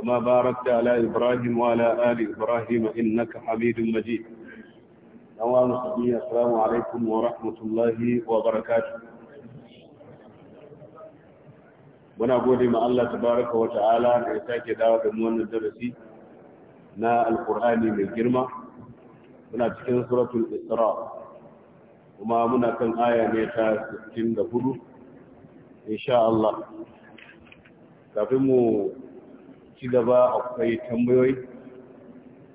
كما باركت على إبراهيم وعلى آل إبراهيم إنك حميد مجيد نوام صديق السلام عليكم ورحمة الله وبركاته muna gode ma Allah baraka wa ta'ala da ya sake dawo da mu darasi na alkur'ani mai girma muna cikin suratul isra kuma muna kan aya ne ta hudu, insha Allah kafin mu ci gaba akwai tambayoyi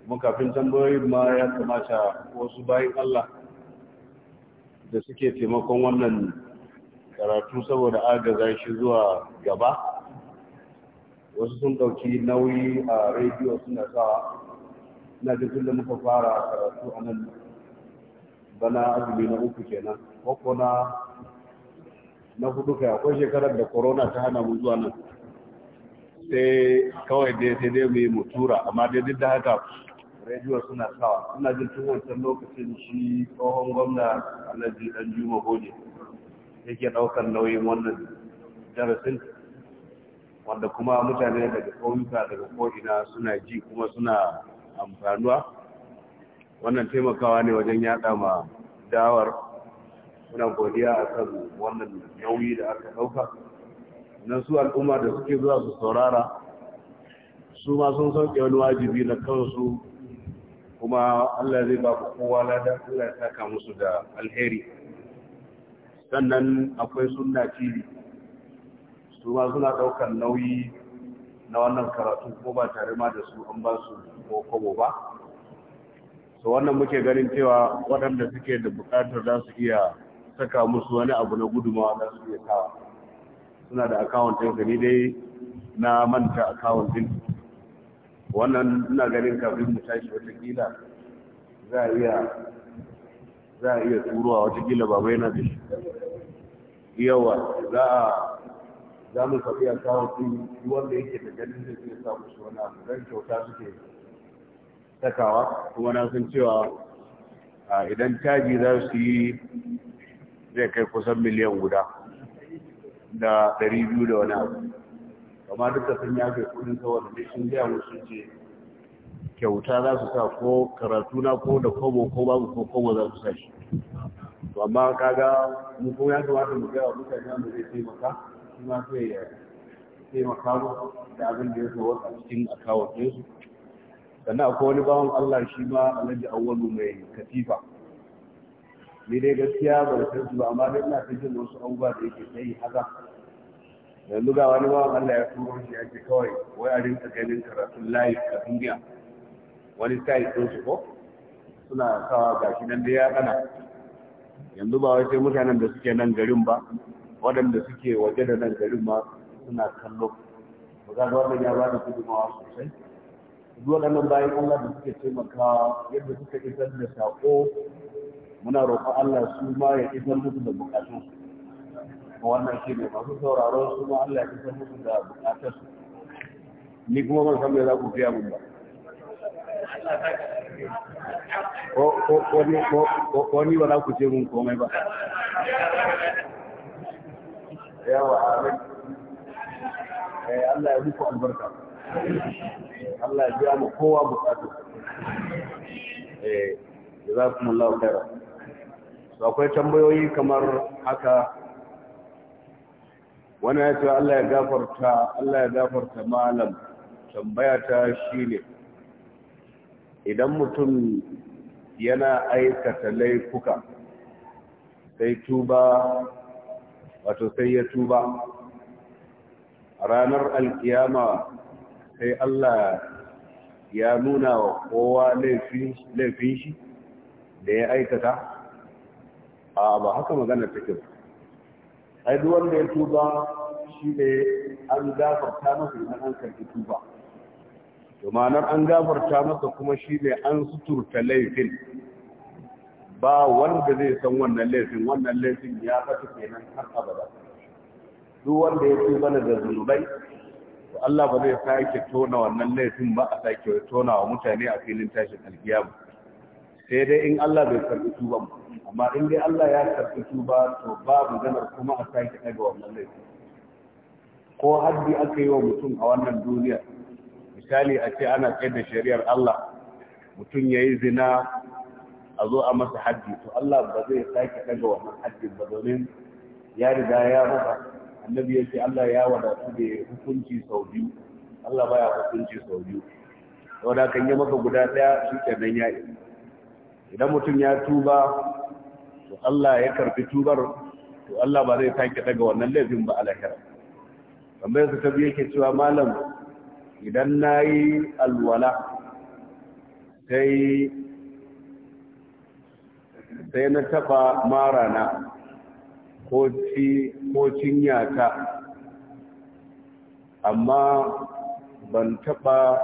kuma kafin tambayoyi ma ya kamata wasu bayan Allah da suke taimakon wannan karatu saboda agaza shi zuwa gaba wasu sun ɗauki nauyi a rediyo suna sa na jikin da muka fara karatu a nan bana azumi na uku kenan ko na na hudu kai akwai shekarar da corona ta hana mu zuwa nan sai kawai dai sai dai mai mutura amma dai duk da haka rediyo suna sawa suna jin tun lokacin shi tsohon gwamna alhaji dan juma goje yake daukar nauyin wannan darasin wanda kuma mutane daga ƙauyuka daga ko'ina suna ji kuma suna amfanuwa wannan taimakawa ne wajen yada ma dawar suna godiya a kan wannan nauyi da aka ɗauka. na su al'umma da suke zuwa su saurara su ma sun sauke wani wajibi na kansu kuma Allah zai ba kowa lada Allah ya saka musu da alheri sannan akwai sunna TV su ma suna daukar nauyi na wannan karatu ko ba tare ma da su an ba su ko kobo ba so wannan muke ganin cewa waɗanda suke da bukatar za su iya saka musu wani abu na gudumawa za su iya kawo suna da account ka ni dai na manta account ɗin wannan na ganin kafin mu tashi watakila za a iya za a iya turowa watakila ba bai na yawa za a za mu faɗi account ɗin wanda yake da ganin da ke sa musu wani abu don kyauta suke takawa kuma na san cewa idan caji za su yi zai kai kusan miliyan guda da ɗari biyu da wani abu amma duka sun yafe kudin wani, dai sun gaya musu ce kyauta za su sa ko karatu na ko da kobo ko babu ko kobo za su sa shi to amma kaga mu ko ya kamata mu gaya mutane mu zai taimaka shi ma sai ya taimaka mu da abin da ya zo a cikin akawun ɗinsu sannan akwai wani bawan Allah shi ma alhaji awwalu mai katifa ni dai gaskiya ba da san ba amma dai ina cikin wasu abubuwa da yake sai haka yanzu ga wani bawan Allah ya turo shi ce kawai wai a rinka ganin karatun live a duniya wani sai ɗin su ko suna kawa gashi nan da ya kana yanzu ba wai sai mutanen da suke nan garin ba waɗanda suke waje da nan garin ma suna kallo ba za ga wannan ya ba da gudunmawa sosai duk waɗannan bayan Allah da suke taimakawa yadda suka isar da saƙo muna roƙon Allah su ma ya isar musu da bukatun wannan shi ne masu sauraro su ma Allah ya isar musu da bukatun ni kuma ban san me za ku biya mun ba ko ni ba za ku ce mun komai ba yawa amin eh, Allah ya muku albarka Allah ya biya mu kowa bukatun eh jazakumullahu khairan akwai tambayoyi kamar haka wani ya ce Allah ya gafarta Allah ya gafarta malam tambaya ta shine idan mutum yana aikata laifuka sai tuba wato sai ya tuba ranar alkiyama sai Allah ya nuna wa kowa laifin shi da ya aikata a ba haka magana take ba ai duk wanda ya tuba shi ne an gafarta masa idan an karɓi tuba to ma'anar an gafarta masa kuma shi ne an suturta laifin ba wanda zai san wannan laifin wannan laifin ya fata kenan har abada duk wanda ya tuba da zunubai to Allah ba zai sake tona wannan laifin ba a sake tona wa mutane a filin tashin alkiyama sai dai in Allah bai karɓi tuban ba amma in dai Allah ya karɓi tuba to babu ganar kuma a sake daga wannan laifin. ko haddi aka yi wa mutum a wannan duniya misali a ce ana kai da shari'ar Allah mutum ya yi zina a zo a masa haddi to Allah ba zai sake daga wannan haddin ba domin ya riga ya masa annabi ya ce Allah ya wadatu da hukunci sau biyu Allah baya hukunci sau biyu saboda kan yi maka guda ɗaya, shi kenan ya yi idan mutum ya tuba to Allah ya karbi tubar to Allah ba zai sake daga wannan laifin ba alakara tambayar su ta yake cewa malam idan nayi alwala sai sai na taba marana ko ci ko amma ban taba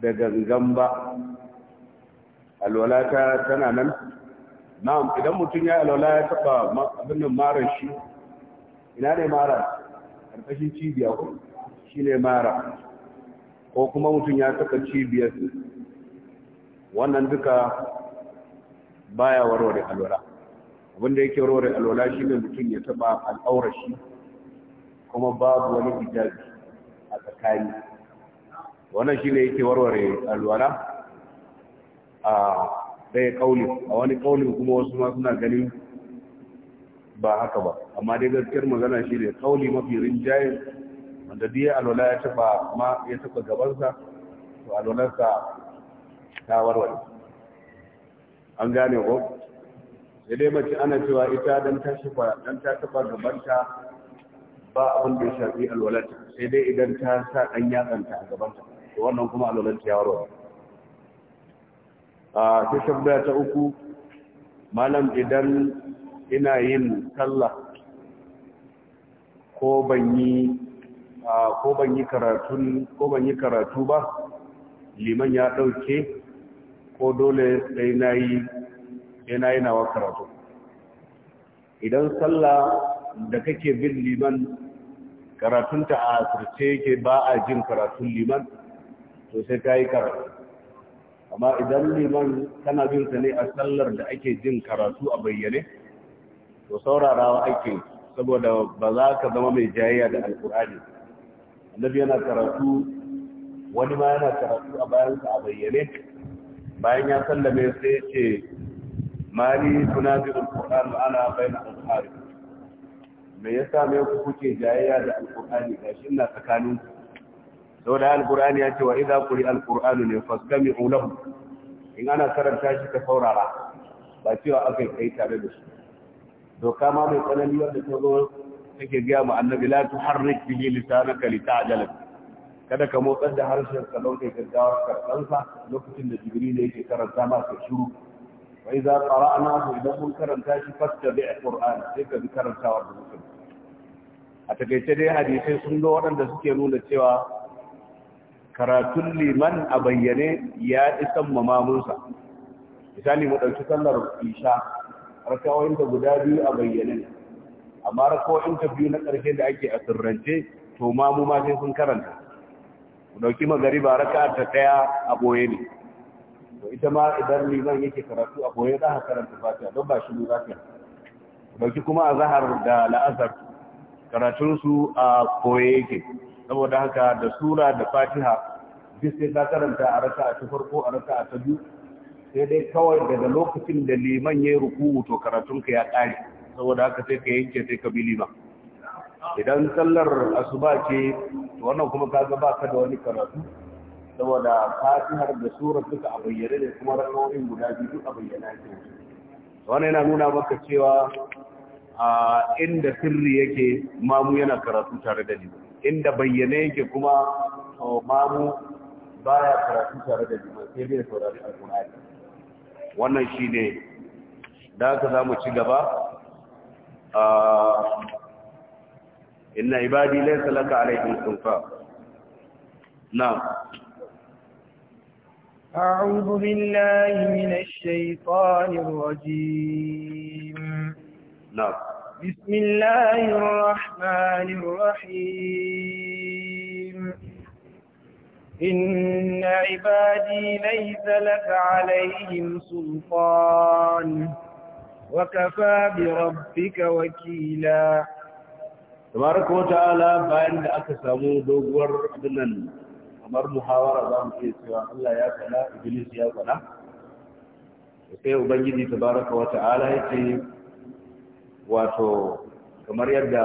da gangan ba ta tana nan na'am idan mutum ya alwala ya taba abin mara shi ina ne mara karkashin cibiya ko shi ne mara ko kuma mutum ya taba su wannan duka baya warware alwala abinda yake warware alwala shi ne mutum ya taba al'aura shi kuma babu wani hijabi a tsakani wannan shi ne yake warware alwala a ah, ya kauli a wani ƙaulin kuma wasu ma suna ganin ba haka ba amma dai gaskiyar magana shi ne kauli mafi rinjaye wanda biya alwala ya taba ma ya taba gabansa to alwalarsa ta warware an gane ko sai dai mace ana cewa ita dan ta shifa dan ta taɓa gabanta ba abin da ya shafi alwalarta sai dai idan ta sa dan yatsanta a gabanta to wannan kuma alwalarta ya warware a ta tambaya ta uku malam idan ina yin sallah ko ban yi ko ban yi karatu ko ban yi karatu ba liman ya dauke ko dole sai nayi sai nayi nawa karatu idan sallah da kake bin liman karatunta a asirce yake ba a jin karatun liman to sai yi karatu amma idan liman kana bin ta ne a sallar da ake jin karatu a bayyane to saurarawa ake saboda ba za ka zama mai jayayya da alkur'ani annabi yana karatu wani ma yana karatu a bayan ka a bayyane bayan ya sallame sai ce mali tunabi alkur'an ana bayan alkur'ani me yasa me ku kuke jayayya da alkur'ani gashi ina tsakanin ku saboda alqur'ani ya ce wa idza quri alqur'anu ne fastami'u lahu in ana karanta shi ka saurara ba cewa akai kai tare da shi doka ma mai tsanani wanda ta zo take gaya mu annabi la tuharrik bihi lisanaka lita'jala kada ka motsar da harshen ka don kai gaggawar karɓansa lokacin da jibril yake karanta ma ka shiru wa idza qara'na hu idan mun karanta shi fastabi' qur'an sai ka bi karantawar da mutum a takaice dai hadisai sun zo waɗanda suke nuna cewa karatun liman a bayyane ya isan mamamunsa misali mu ɗauki sallar isha rakawoyinta guda biyu a bayyane amma rakawoyinta biyu na ƙarshe da ake a sirrance to mamu ma sai sun karanta mu ɗauki ba raka ta ɗaya a ɓoye ne to ita ma idan liman yake karatu a ɓoye za a karanta fatiha don ba shi za ka ɗauki kuma a zahar da la'azar karatunsu a ɓoye yake saboda haka da sura da fatiha duk sai ka karanta a raka ta farko a raka ta biyu sai dai kawai daga lokacin da liman ya yi ruku'u to karatunka ya ƙare saboda haka sai ka yanke sai ka bi liman idan sallar asuba ce to wannan kuma ka ga baka da wani karatu saboda fatihar da sura suka a bayyane ne kuma ra'ayoyin guda biyu duk a bayyana ke wannan yana nuna maka cewa a inda sirri yake mamu yana karatu tare da liman inda bayyane yake kuma mamu ya karatu tare da jima sai dai saurari alkur'ani wannan shi ne da za mu ci gaba inna ibadi laysa laka alaihim sunfa na'am أعوذ بالله من الشيطان الرجيم نعم بسم الله الرحمن الرحيم إن عبادي ليس لك عليهم سلطان وكفى بربك وكيلا تبارك وتعالى بأن أكسامو دوغور أدنان أمر محاورة دام في سوى الله يا فلا إبليس يا فلا sai ubangiji tabaraka wa ta'ala wato kamar yadda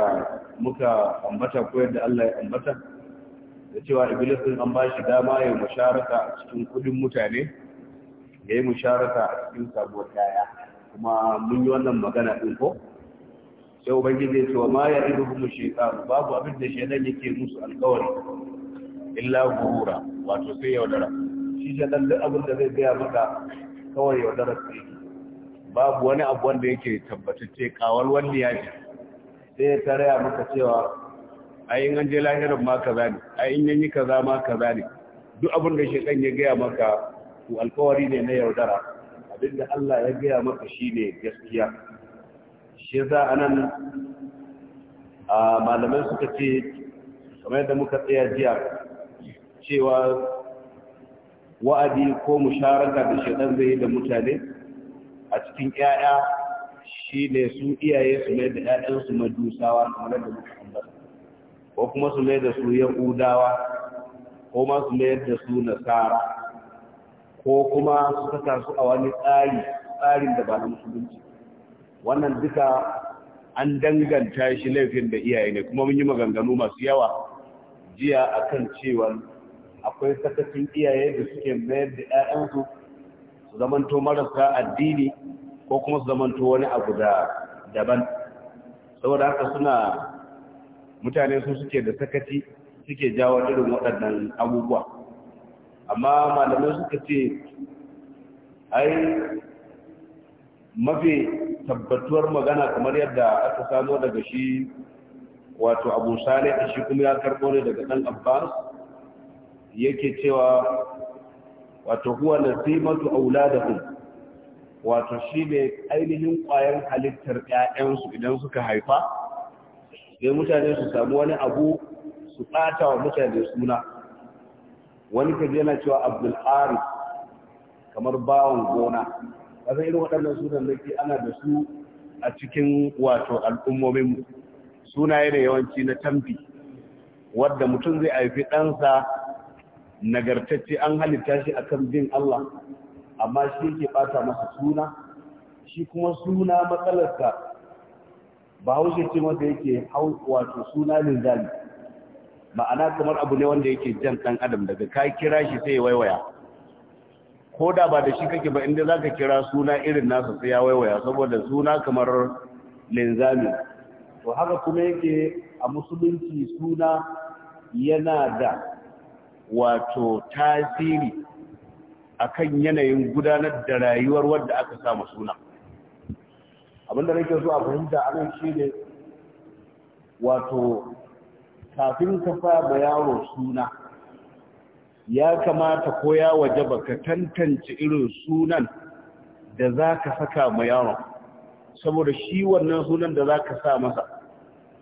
muka ambata ko yadda Allah ya ambata da cewa iblis din an bashi dama ya musharaka a cikin kudin mutane ya yi musharaka a cikin sabuwar kaya kuma mun yi wannan magana din ko sai ubangiji ya ce wa ma ya idu mu shaytan babu abin da shaytan yake musu alƙawari illa gurura wato sai yaudara shi shaytan duk abin da zai gaya maka kawai yaudara sai babu wani abu wanda yake tabbatacce kawal wani ya ce sai ya taraya maka cewa ayin an je lahirin ma kaza ne ayin yan yi kaza ma kaza ne duk abin da shekan ya gaya maka ku alkawari ne na yaudara abinda Allah ya gaya maka shine gaskiya shi za a nan a malamai suka ce kamar yadda muka tsaya jiya cewa wa'adi ko musharaka da shekan zai yi da mutane a cikin ƴaƴa shi ne su iyaye su mai da ƴaƴansu majusawa kamar da muka ambata ko kuma su mai da su yahudawa ko ma su mai da su nasara ko kuma su saka su a wani tsari tsarin da ba na musulunci wannan duka an danganta shi laifin da iyaye ne kuma mun yi maganganu masu yawa jiya akan cewa akwai sakacin iyaye da suke mayar da 'ya'yansu su zamanto marasa addini ko kuma su zamanto wani abu da daban saboda haka suna mutane su suke da sakaci suke jawo irin waɗannan abubuwa amma malamai suka ce ai mafi tabbatuwar magana kamar yadda aka samo daga shi wato abu sale shi kuma ya karɓo ne daga ɗan abbas yake cewa wato huwa da auladakum wato shi ne ainihin ƙwayar halittar ƴaƴansu idan suka haifa sai mutane su samu wani abu su ɓata wa mutane suna wani kaji yana cewa abdul haris kamar Bawon gona kasan irin waɗannan sunan da ke ana da su a cikin wato al'ummomin sunaye yana yawanci na tambi wadda mutum zai haifi ɗansa nagartacce an halitta shi akan bin Allah amma shi yake bata masa suna shi kuma suna matsalarsa ba haushe ce wanda yake wato suna linzali ma'ana kamar abu ne wanda yake jan ɗan adam daga ka kira shi sai ya waiwaya ko da ba da shi kake ba inda za ka kira suna irin nasa sai ya waiwaya saboda suna kamar linzami to haka kuma yake a musulunci suna yana da wato tasiri akan yanayin gudanar da rayuwar wadda aka samu suna abinda nake so a fahimta a nan shi ne wato kafin ka fara yaro suna ya kamata ko ya ba ka tantance irin sunan da za ka saka ma yaro, saboda shi wannan sunan da za ka sa masa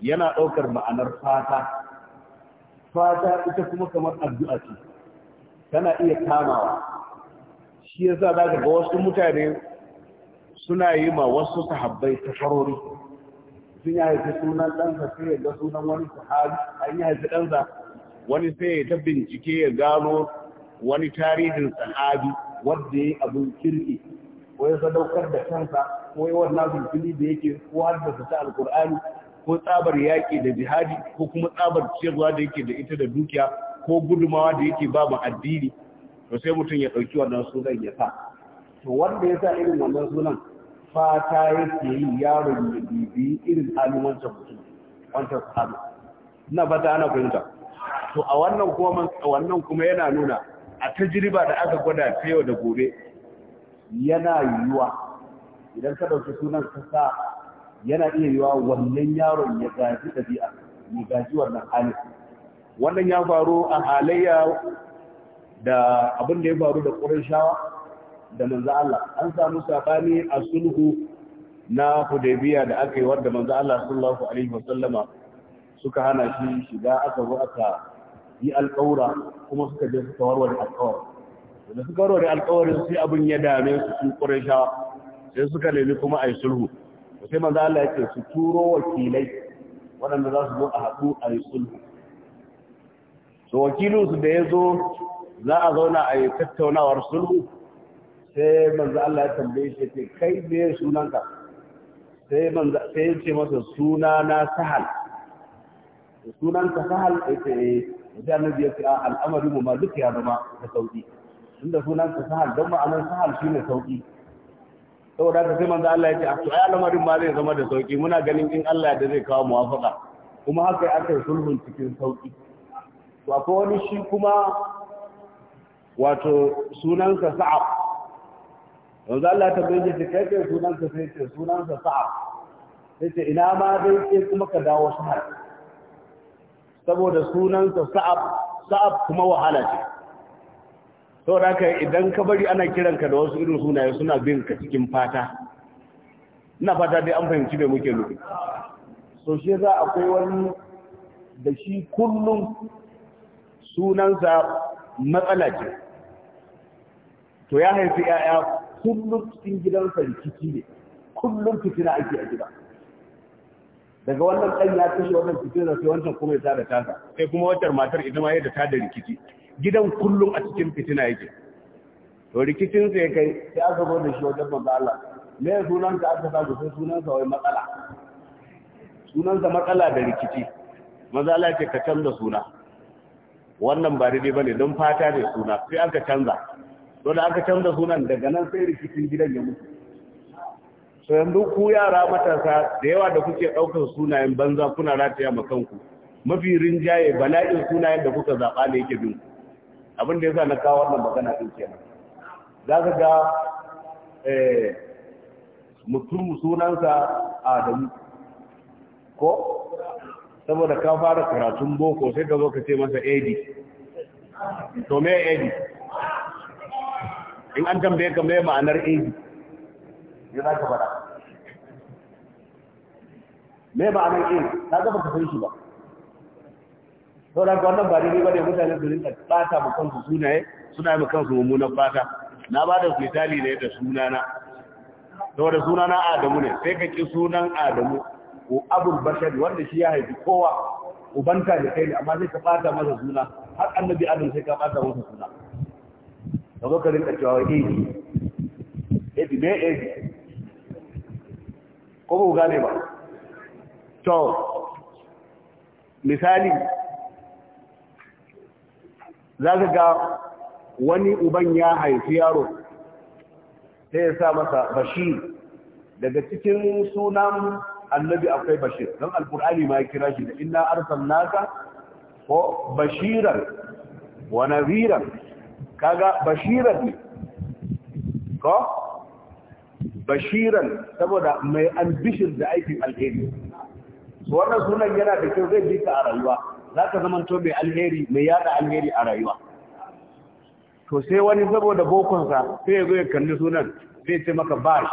yana ɗaukar ma'anar fata fata ita kuma kamar addu'a ce tana iya kamawa shi yasa za ga wasu mutane suna yi ma wasu sahabbai tafarori sun ya haifi sunan ɗansa sai ya ga sunan wani sahabi an ya haifi ɗansa wani sai ya ta bincike ya gano wani tarihin sahabi wanda ya yi abin kirki ko ya sadaukar da kansa ko ya wannan fili da yake ko haddasa ta alkur'ani ko tsabar yaƙi da jihadi ko kuma tsabar cewa da yake da ita da dukiya ko gudumawa da yake ba mu addini to sai mutum ya ɗauki wannan sunan ya sa to wanda ya sa irin wannan sunan fata yake yi yaron ya bibi irin halin wancan mutum wancan sahabi na fata ana fahimta to a wannan kuma wannan kuma yana nuna a tajriba da aka gwada ta yau da gobe yana yiwuwa idan ka ɗauki sunan ka sa yana iya yiwa wannan yaron ya gaji ɗabi'a ya gaji wannan halin wannan ya faru a halayya da abin da ya faru da shawa da manzo Allah an samu sabani a sulhu na Hudaybiya da aka yi wanda manzo Allah sallallahu alaihi wasallama suka hana shi shiga aka zo aka yi alƙawura kuma suka je suka warware alƙawar da suka warware alƙawarin sai abin ya dame su sun ƙurashawa sai suka nemi kuma a yi sulhu sai manzo Allah ya ce su turo wakilai waɗanda za su zo a haɗu a yi sulhu to wakilinsu da ya zo za a zauna a yi tattaunawar sulhu sai manzo Allah ya tambaye shi ce kai ne sunanka sai manzo sai ya ce masa suna na sahal sunanka sahal sai ce eh. sai annabi ya ce ah, al'amari mu ma duk ya zama da sauki tunda sunanka sahal don ma'anar sahal shine sauki saboda haka sai manzo Allah ya ce a to ai al'amarin ma zai zama da sauki muna ganin in Allah da zai kawo muwafaka kuma haka aka yi sulhun cikin sauki to akwai wani shi kuma wato sunansa Sa'ab manzo Allah ta bayyana shi kai kai sunansa sai ce sunansa Sa'ab sai ce ina ma dai ke kuma ka dawo Sa'ab saboda sunansa Sa'ab Sa'ab kuma wahala ce sau da ka idan ka bari ana kiranka da wasu irin sunaye suna bin ka cikin fata ina fata dai an fahimci da muke nufi so shi za akwai wani da shi kullum sunansa matsala ce to ya haifi 'ya'ya kullum cikin gidansa rikici ne kullum fitina ake a gida daga wannan ɗan ya kashe wannan da sai wancan kuma ya tada tasa sai kuma wacce matar idan ma yadda ta da rikici gidan kullum a cikin fitina yake to rikicin sai kai sai aka zo da shi wajen manzo Allah me sunan ka aka sa sai sunan sa wai matsala sunan sa matsala da rikici manzo Allah ya ce ka canza suna wannan ba daidai bane don fata ne suna sai aka canza da aka canza sunan daga nan sai rikicin gidan ya mutu so yanzu ku yara matasa da yawa da kuke ɗaukar sunayen banza kuna rataya ma kanku mafi rinjaye bala'in sunayen da kuka zaɓa ne yake bin ku abin da ya sa na kawo wannan magana din kenan za ka ga eh, mutum sunansa adamu ko saboda ka fara karatun boko sai ka zo ka ce masa ad to me ad in an tambaye ka me ma'anar ad ya za ka fada me ma'anar ad ka ga ka san shi ba saboda ga wannan ba daidai mutane su rinka bata ba kansu sunaye suna ma kansu mummunan fata na ba da misali ne da sunana saboda sunana Adamu ne sai ka ki sunan Adamu ko Abul Bashar wanda shi ya haifi kowa ubanta da kai ne amma sai ka bata masa suna har annabi Adam sai ka bata masa suna da zo ka rinka cewa eji eji me eji ko ba ku gane ba to misali za ka ga wani uban ya haifi yaro sai ya sa masa bashir daga cikin sunan annabi akwai bashir don alkur'ani ma ya kira shi da inna naka ko bashiran wa naziran kaga bashiran ne ko bashiran saboda mai albishir da aikin alheri wannan sunan yana da kyau zai bi a rayuwa za ka zama tobe alheri mai yada alheri a rayuwa to sai wani saboda bokonsa sai ya zo ya kalli sunan zai ce maka bash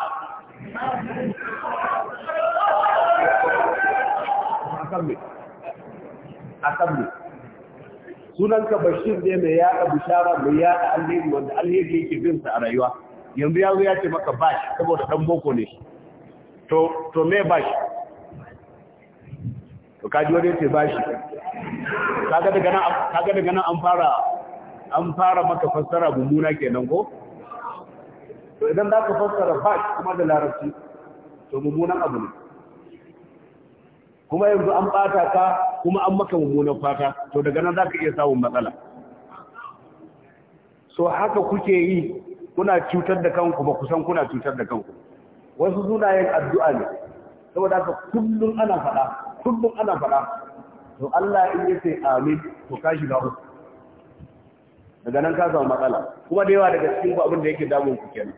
akan mai sunanka bashir ne mai yada bishara mai yada alheri wanda alheri yake bin sa a rayuwa yanzu ya zo ya ce maka bash saboda dan boko ne to to me bash to kaji wani ce bashi kaga daga nan kaga an fara maka fassara mummuna kenan ko to idan za ka fassara ba kuma da larabci to mummunan abu ne kuma yanzu an bata ka kuma an maka mummunan fata to daga nan za ka iya samun matsala so haka kuke yi kuna cutar da kanku ba kusan kuna cutar da kanku wasu sunayen addu'a ne saboda haka kullum ana faɗa kullum ana faɗa to Allah in ya ce amin to ka shiga ku daga nan ka samu matsala kuma da yawa daga cikin abin da yake damun ku kenan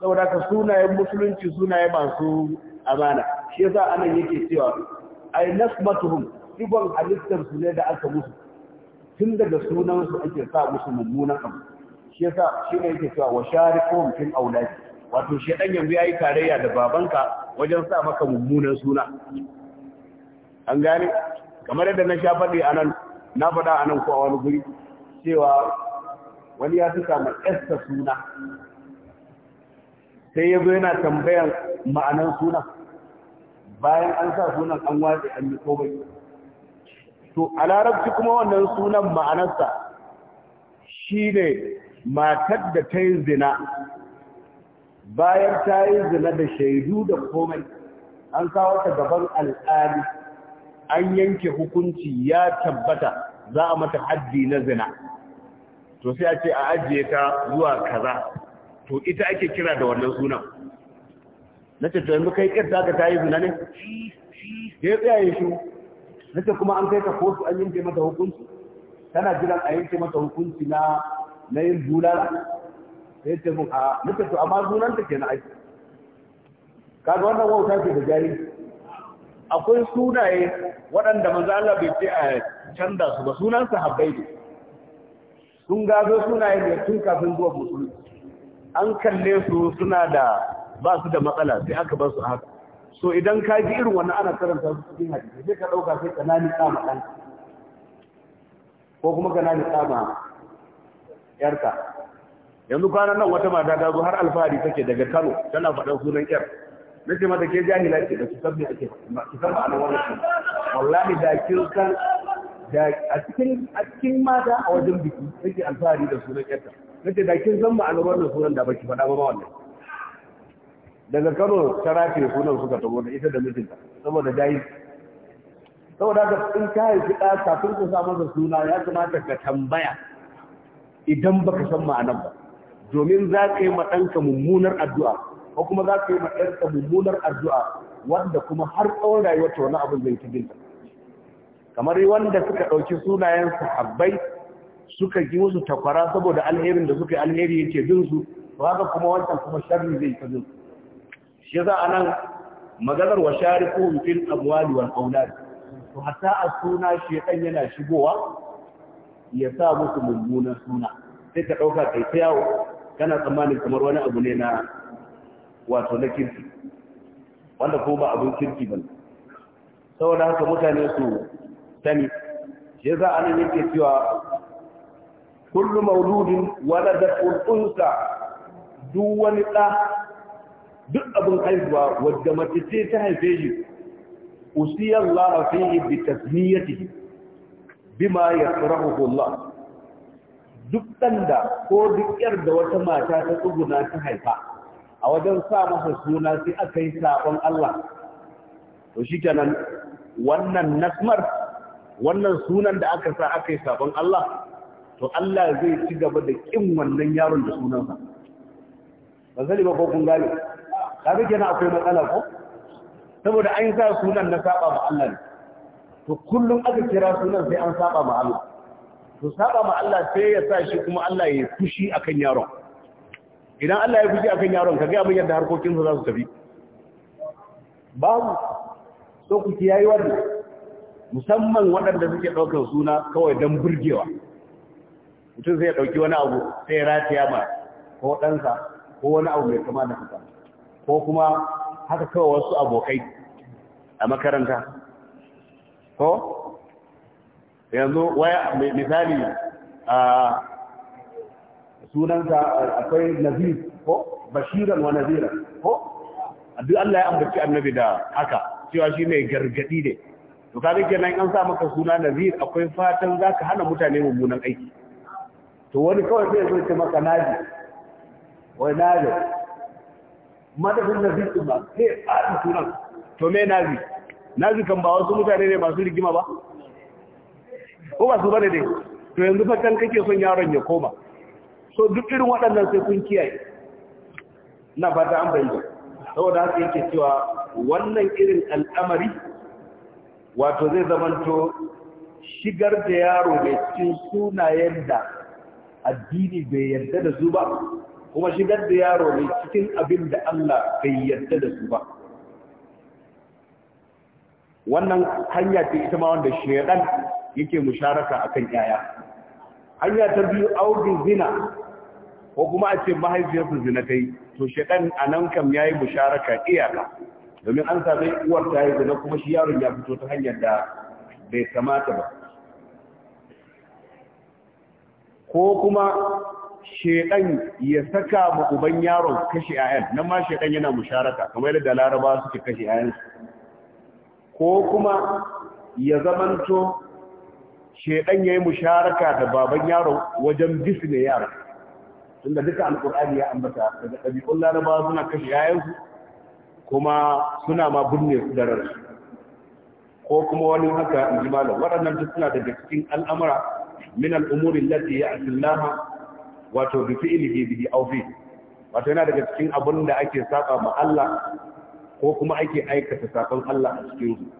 saboda ka sunayen musulunci sunaye masu amana shi yasa anan yake cewa ay nasmatuhum digon halittar su ne da aka musu tun daga sunan su ake sa musu mummunan abu shi yasa shi ne yake cewa wa sharikum fil aulad wato shi dan yanzu yayi tarayya da babanka wajen sa maka mummunan suna an gane kamar yadda na sha faɗi a nan na faɗa a nan ko a wani guri cewa wani ya fi ma ƴarsa suna sai ya zo yana tambayan ma'anan suna bayan an sa sunan an wace an yi kobai to a larabci kuma wannan sunan ma'anarsa shi ne matar da ta yi zina bayan ta yi zina da shaidu da komai an kawo ta gaban al'adu an yanke hukunci ya tabbata za a mata haddi na zina to sai a ce a ajiye ta zuwa kaza to ita ake kira da wannan sunan na ce to yanzu kai ta ka ta yi zina ne da ya tsaye shi na ce kuma an kai ka kotu an yanke mata hukunci tana jiran a yanke mata hukunci na na yin bulala sai ce mun a na ce to amma sunanta ke na aiki kaga wannan wauta ce da jari akwai sunaye waɗanda maza Allah bai ce a canza su ba sunan sahabbai ne sun gazo sunaye ne tun kafin zuwa musulmi an kalle su suna da ba su da matsala sai aka ba su haka so idan ka ji irin wannan ana karanta su cikin hadisi sai ka dauka sai kanani tsama dan ko kuma kanani tsama yarka yanzu kwanan nan wata mata ta zo har alfahari take daga Kano tana faɗan sunan yar na ce mata ke jahila ce da kusan san me kusan ba ki san ma'anar wannan wallahi da kin san da a cikin a cikin mata a wajen biki take alfahari da sunan yarta nace da kin san ma'anar wannan sunan da baki faɗa ba ma wannan daga Kano ta rafe sunan suka tabo da ita da mijinta saboda jahil saboda ka in ka haifi ɗa kafin ka sa masa suna ya kamata ka tambaya idan baka san ma'anar ba domin za ka yi ma ɗanka mummunar addu'a ko kuma za ka yi ma ƴarka mummunar addu'a wanda kuma har tsawon rayuwar ta wani abin zai tabinta kamar wanda suka ɗauki sunayen sahabbai suka yi musu takwara saboda alherin da suka yi alheri yake bin su to haka kuma wancan kuma sharri zai ta bin shi yasa a nan maganar wa shariku fil amwali wal aulad to hatta a suna shi dan yana shigowa ya sa musu mummunar suna sai ka ɗauka kai ta yawo kana tsammanin kamar wani abu ne na wato na kirki wanda ko ba abin kirki ba saboda haka mutane su sani shi za a nan yake cewa kullum mauludin waladat unsa duk wani ɗa. duk abin haihuwa wadda mace ce ta haife shi usiya Allah fihi bi tasmiyatihi bima yakrahu Allah duk ɗanda ko duk yar da wata mata ta tsuguna ta haifa a wajen sa masa suna sai aka yi sabon Allah to shi shikenan wannan nasmar wannan sunan da aka sa aka yi sabon Allah to Allah zai ci gaba da ƙin wannan yaron da sunansa ba zai ba ko kun gane kaga kenan akwai matsala ko saboda an yi sa sunan na saɓa ma Allah ne to kullum aka kira sunan sai an saɓa ma Allah to saɓa ma Allah sai ya sa shi kuma Allah ya fushi akan yaron idan Allah ya fushi akan yaron ka ga abin yadda harkokin su za su tafi babu so ku kiyaye wannan musamman waɗanda suke ɗaukar suna kawai don burgewa mutum zai ɗauki wani abu sai ratiya ma ko ɗansa ko wani abu mai kama da haka ko kuma haka kawai wasu abokai a makaranta ko yanzu waya misali a ah, sunanka akwai nazir ko bashiran wa naziran ko duk Allah ya ambaci annabi da haka cewa shi mai gargadi ne to kaga kenan an sa maka suna nazir akwai fatan zaka hana mutane mummunan aiki to wani kawai sai zai ce maka naji wai naji madafin nazir din ba sai a sunan to me Naji? Naji kan ba wasu mutane ne masu rigima ba ko ba su bane ne to yanzu fa kan kake son yaron ya koma so duk irin waɗannan sai kun kiyaye na ba ta an saboda haka yake cewa wannan irin al'amari wato zai zamanto shigar da yaro mai cikin sunayen da addini bai yarda da su ba kuma shigar da yaro mai cikin abin da Allah bai yarda da su ba wannan hanya ce ita ma wanda shaidan yake musharaka akan yaya hanya ta biyu audin zina ko kuma a ce mahaifiyarsa zina ta yi to shekan a nan kam ya yi musharaka iyaka domin an sami uwar ta yi zina kuma shi yaron ya fito ta hanyar da bai kamata ba ko kuma shekan ya saka ma uban yaron kashe 'ya'yan nan ma shekan yana musharaka kamar yadda laraba suke kashe 'ya'yansu ko kuma ya zamanto shekan ya yi musharaka da baban yaron wajen bisne yara tunda duka alkur'ani ya ambata daga ɗabi'un larabawa suna kashe yayansu kuma suna ma binne su da rarsu ko kuma wani haka in ji malam waɗannan duk suna daga cikin al'amura min al'umuri lati ya asillaha wato bi fi'lihi bi awfi wato yana daga cikin abun da ake saba ma Allah ko kuma ake aikata sakon Allah a cikin su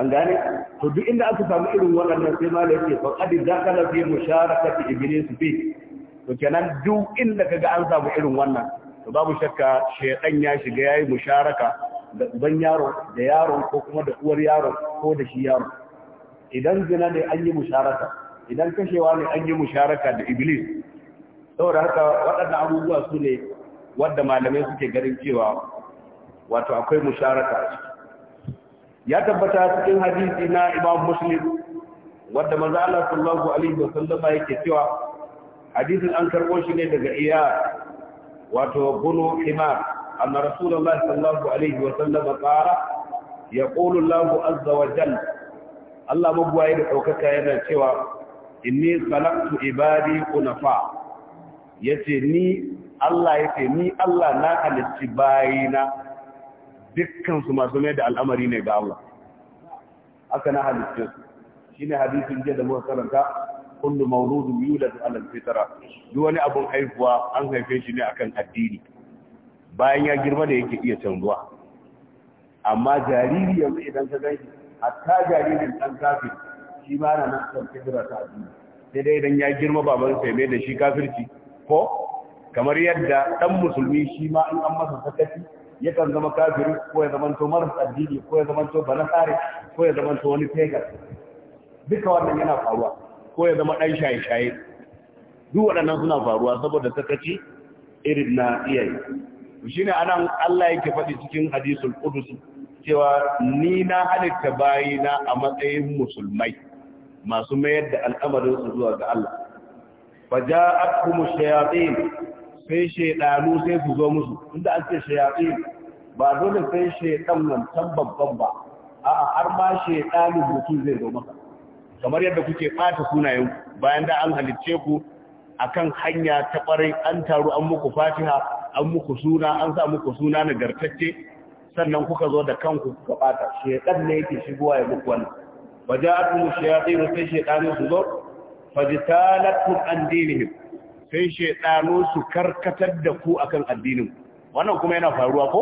an gane to duk inda aka samu irin waɗannan sai malam yake fa qad dakala fi musharakati iblis fi to kenan duk inda kaga an samu irin wannan to babu shakka shedan ya shiga yayi musharaka da uban yaro da yaro ko kuma da uwar yaro ko da shi yaro idan zina ne an yi musharaka idan kashewa ne an yi musharaka da iblis saboda haka waɗannan abubuwa su ne wadda malamai suke ganin cewa wato akwai musharaka a ciki ya tabbata cikin hadisi na imam muslim wadda maza Allah sallallahu alaihi wa sallama yake cewa hadisin an karbo shi ne daga iya wato bunu himar anna rasulullahi sallallahu alaihi wa sallam qala yaqulu Allahu azza wa jalla Allah mabwaye da daukaka yana cewa inni khalaqtu ibadi kunafa yace ni Allah yace ni Allah na halitti bayina dukkan su masu mai da al'amari ne ga Allah haka na halicce shine hadisin jiya da muka karanta kullu mauludun yuladu ala fitra duk wani abun haihuwa an haife shi ne akan addini bayan ya girma da yake iya canzuwa amma jariri yanzu idan ka ganshi hatta jaririn dan kafir shi ma na nan kan fitra ta addini sai dai idan ya girma baban sai mai da shi kafirci ko kamar yadda dan musulmi shi ma in an masa sakaci yakan zama kafiri ko ya zama to addini ko ya zama to banasare ko ya zama to wani pagan duka wannan yana faruwa ko ya zama ɗan shaye-shaye duk waɗannan suna faruwa saboda sakaci irin na iyaye shi ne anan Allah yake faɗi cikin hadisul qudus cewa ni na halitta bayina a matsayin musulmai masu mayar da al'amarin su zuwa ga Allah faja'atkum shayatin sai shaydanu sai su zo musu inda an ce shayatin ba dole sai shaydan nan babban ba a'a har ma shaydanin mutum zai zo maka kamar yadda kuke ɓata sunayen bayan da an halicce ku akan hanya ta kwarai an taru an muku fatiha an muku suna an sa muku suna nagartacce sannan kuka zo da kanku kuka ɓata shekan ne yake shigowa ya muku wannan ba ja abu shayatsinu sai shekanu su zo an dinihim sai shekanu su karkatar da ku akan addinin wannan kuma yana faruwa ko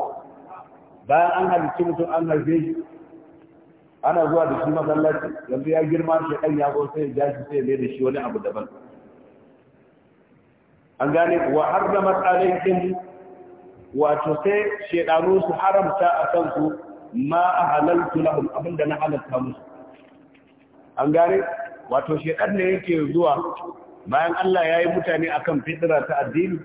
bayan an halittu mutum an harbe shi ana zuwa da shi masallaci yanzu ya girma shi kan ya zo sai ya shi sai ya da shi wani abu daban an gane wa harramat alaikum wato sai shedanu su haramta a su ma a halaltu lahum abinda na halatta musu an gane wato shaidan ne yake zuwa bayan Allah ya yi mutane akan fitira ta addini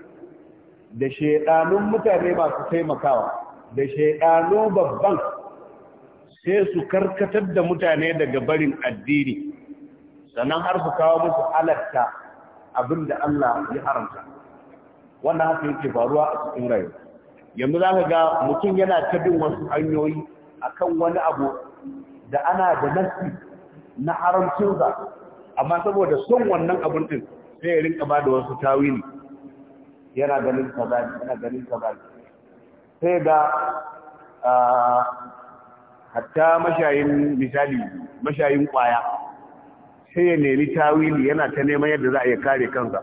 da shedanun mutane masu taimakawa da shedanu babban sai su karkatar da mutane daga barin addini sannan har su kawo musu halatta abin da Allah ya haramta wannan haka yake faruwa a cikin rayuwa yanzu za ka ga mutum yana ta bin wasu hanyoyi akan wani abu da ana da nasi na haramcin haramcinsa amma saboda son wannan abin din sai ya rinka ba da wasu tawili yana ganin kaza yana ganin kaza sai ga ah, hatta mashayin misali mashayin kwaya sai ya nemi tawili yana ta neman yadda za a iya kare kansa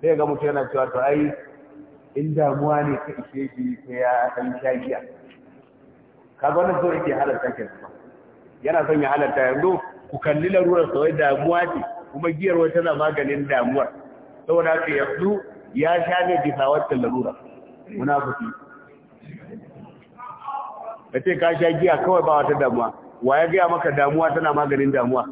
sai ya ga mutum yana cewa to ai in damuwa ne ka ishe shi sai ya san Ka ga wannan so yake halarta ke ba yana son ya halarta yanzu ku kalli larurar sa wai damuwa ce kuma giyar wata tana maganin damuwar saboda haka yanzu ya sha ne bisa wata larura munafiki ka ce ka sha giya kawai ba wata damuwa wa ya gaya maka damuwa tana maganin damuwa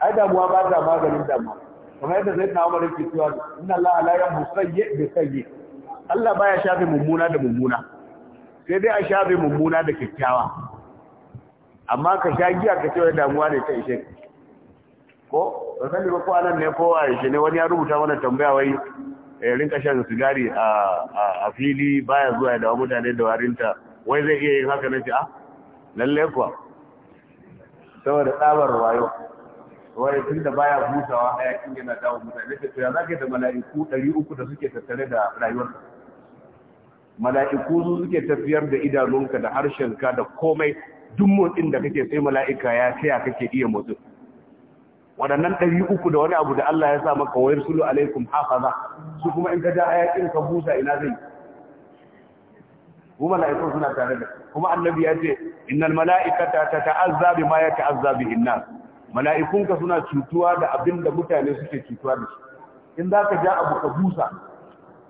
ai damuwa ba ta maganin damuwa Kuma yadda zai tawo umar yake cewa inna Allah la yamhu sayyi da sayyi Allah baya shafe mummuna da mummuna sai dai a shafe mummuna da kyakkyawa amma ka sha giya ka ce wai damuwa ne ta ishe ko ba sani ba ko anan ne ko a ishe ne wani ya rubuta mana tambaya wai eh, rinka shan sigari a fili baya zuwa da mutane da warinta wai zai iya yin haka na ce a ah, lalle kuwa saboda tsabar wayo wai tun da baya busawa hayakin yana dawo mutane ta tsaya zaka da mala'iku 300 da suke tattare da rayuwarka mala'iku su suke tafiyar da idanunka da harshenka da komai duk motsin da kake sai mala'ika ya taya kake iya motsin waɗannan ɗari uku da wani abu da Allah ya sa maka wayar sulu alaikum hafaza su kuma in ka ja hayakin ka busa ina zai ko mala'ikun suna tare da kuma annabi ya ce innal mala'ikata tata'azza bima yata'azza bihi an-nas mala'ikunka suna cutuwa da abinda mutane suke cutuwa da shi in zaka ja abu ka busa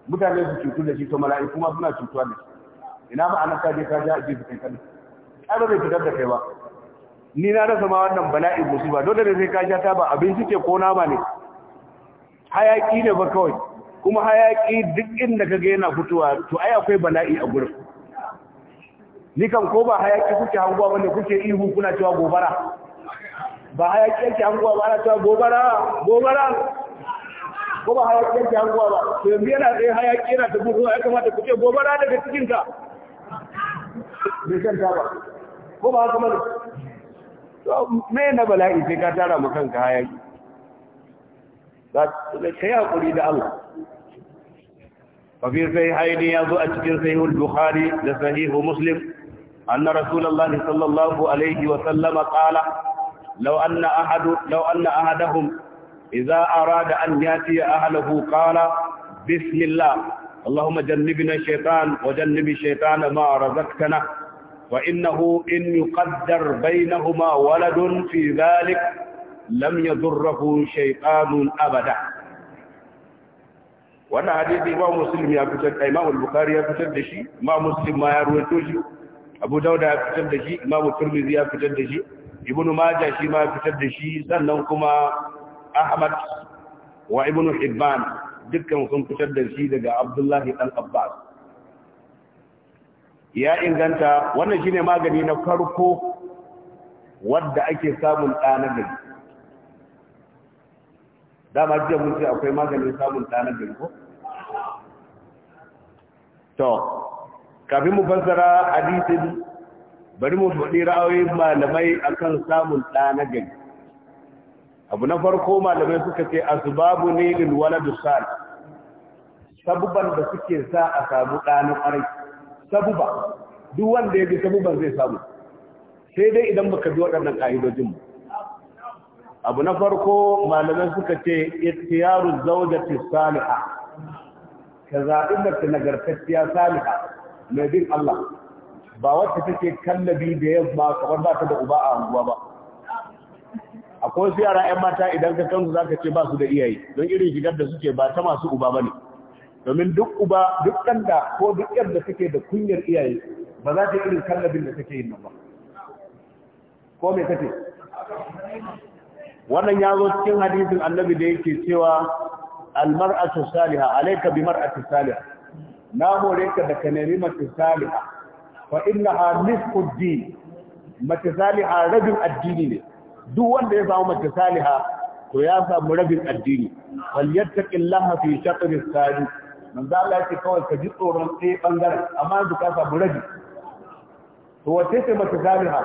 mutane su cutu da shi to mala'iku ma suna cutuwa da shi ina ma anaka je ka ja aje su kai kan kada bai fitar da kai ba ni na rasa ma wannan bala'in musiba dole ne sai ka ja ta ba abin suke ko nama ne hayaki ne ba kawai kuma hayaki duk inda kage yana fitowa to ai akwai bala'i a gurin ni kan ko ba hayaki kuke hanguwa wanda kuke ihu kuna cewa gobara ba hayaki yake hanguwa ba ana cewa gobara gobara ko ba hayaki yake hanguwa ba to yanzu yana da hayaki yana da gudu ya kamata ku gobara daga cikin ka bai san ta ba ko ba haka bane to me na bala'i sai ka tara mu kanka hayaki ba kai hakuri da Allah ففي صحيحين يضع أتكر صحيح البخاري لصحيح مسلم أن رسول الله صلى الله عليه وسلم قال لو أن أحد لو أن أحدهم إذا أراد أن يأتي أهله قال بسم الله اللهم جنبنا الشيطان وجنب الشيطان ما رزقتنا فإنه إن يقدر بينهما ولد في ذلك لم يضره شيطان أبدا وانا حديث إمام مسلم يا كتب إمام البخاري يا كتب دشي ما مسلم ما يروي توجي abu dauda ya fitar da shi imamu turmizi ya fitar da shi ibnu majah shi ma ya fitar da shi sannan kuma ahmad wa ibnu hibban dukkan sun fitar da shi daga abdullahi dan abbas ya inganta wannan shine magani na farko wadda ake samun ɗana gari dama jiya mun ce akwai maganin samun ɗana gari ko to kafin mu fassara hadisin bari mu faɗi ra'ayoyin malamai akan samun ɗa na gari abu na farko malamai suka ce asbabu ne lil walad sal sabuban da suke sa a samu ɗa na ƙwarai sabuba duk wanda ya bi sabuban zai samu sai dai idan baka bi waɗannan ƙa'idojin mu abu na farko malamai suka ce ittiyaru zawjati salihah ka zaɓi mace nagartacciya salihah mai bin Allah ba wacce take kallabi da yamma kamar ba ta da uba a unguwa ba akwai wasu yara 'yan mata idan ka kansu za ka ce ba su da iyaye don irin shigar da suke ba ta masu uba ba ne domin duk uba duk ɗan da ko duk yar da suke da kunyar iyaye ba za ta irin kallabin da take yin nan ba ko me kace wannan ya zo cikin hadisin annabi da yake cewa almar'atu salihah alayka bi mar'ati salihah na hore ka da ka nemi mace saliha fa ha nisfu din mace saliha rabin addini ne duk wanda ya samu mace saliha to ya samu rabin addini wal yattaqillaha fi shaqri sadi da Allah yake kawai ka ji tsoron sai bangaren amma duk ka samu rabi to wace ce mace saliha